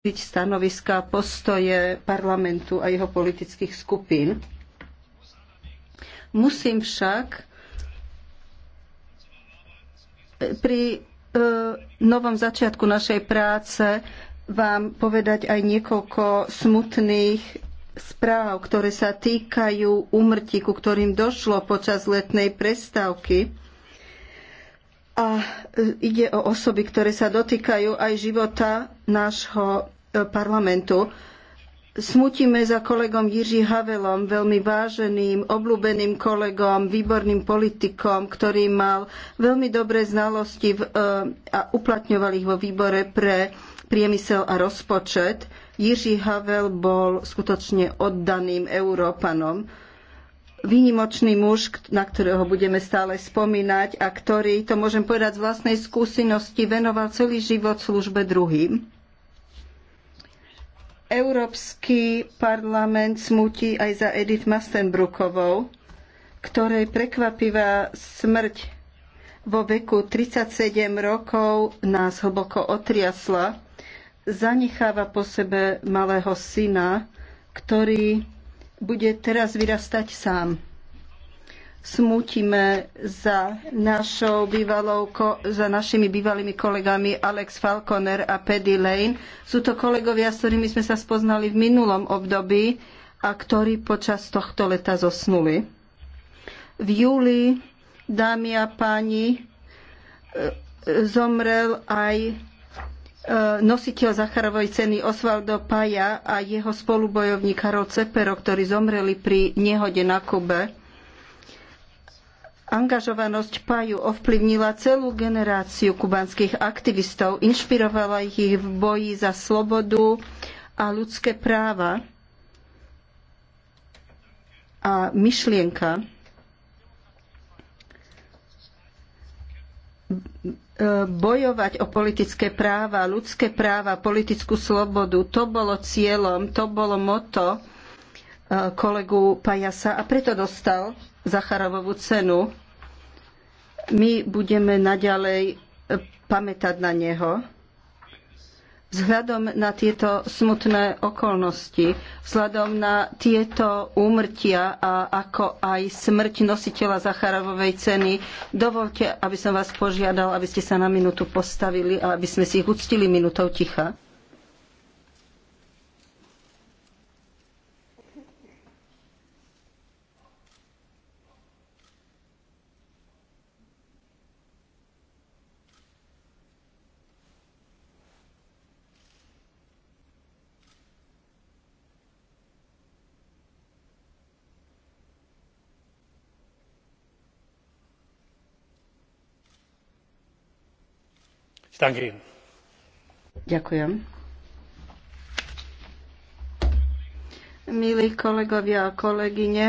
byť stanoviska postoje parlamentu a jeho politických skupín. Musím však pri e, novom začiatku našej práce vám povedať aj niekoľko smutných správ, ktoré sa týkajú úmrtí, ku ktorým došlo počas letnej prestávky a e, ide o osoby, ktoré sa dotýkajú aj života nášho e, parlamentu. Smutíme za kolegom Jiří Havelom, veľmi váženým, obľúbeným kolegom, výborným politikom, ktorý mal veľmi dobré znalosti v, e, a uplatňoval ich vo výbore pre priemysel a rozpočet. Jiří Havel bol skutočne oddaným Európanom výnimočný muž, na ktorého budeme stále spomínať a ktorý, to môžem povedať z vlastnej skúsenosti, venoval celý život službe druhým. Európsky parlament smutí aj za Edith Mastenbrukovou, ktorej prekvapivá smrť vo veku 37 rokov nás hlboko otriasla. Zanecháva po sebe malého syna, ktorý bude teraz vyrastať sám. Smútime za, našou bývalou, za našimi bývalými kolegami Alex Falconer a Paddy Lane. Sú to kolegovia, s ktorými sme sa spoznali v minulom období a ktorí počas tohto leta zosnuli. V júli, dámy a páni, e, zomrel aj E, nositeľ Zacharovej ceny Osvaldo Paja a jeho spolubojovník Karol Cepero, ktorí zomreli pri nehode na Kube. Angažovanosť Paju ovplyvnila celú generáciu kubanských aktivistov, inšpirovala ich v boji za slobodu a ľudské práva a myšlienka E, bojovať o politické práva, ľudské práva, politickú slobodu. To bolo cieľom, to bolo moto e, kolegu Pajasa a preto dostal Zacharovovú cenu. My budeme naďalej e, pamätať na neho. Vzhľadom na tieto smutné okolnosti, vzhľadom na tieto úmrtia a ako aj smrť nositeľa Zacharovovej ceny, dovolte, aby som vás požiadal, aby ste sa na minútu postavili a aby sme si ich uctili minútou ticha. Ďakujem. Milí kolegovia a kolegyne,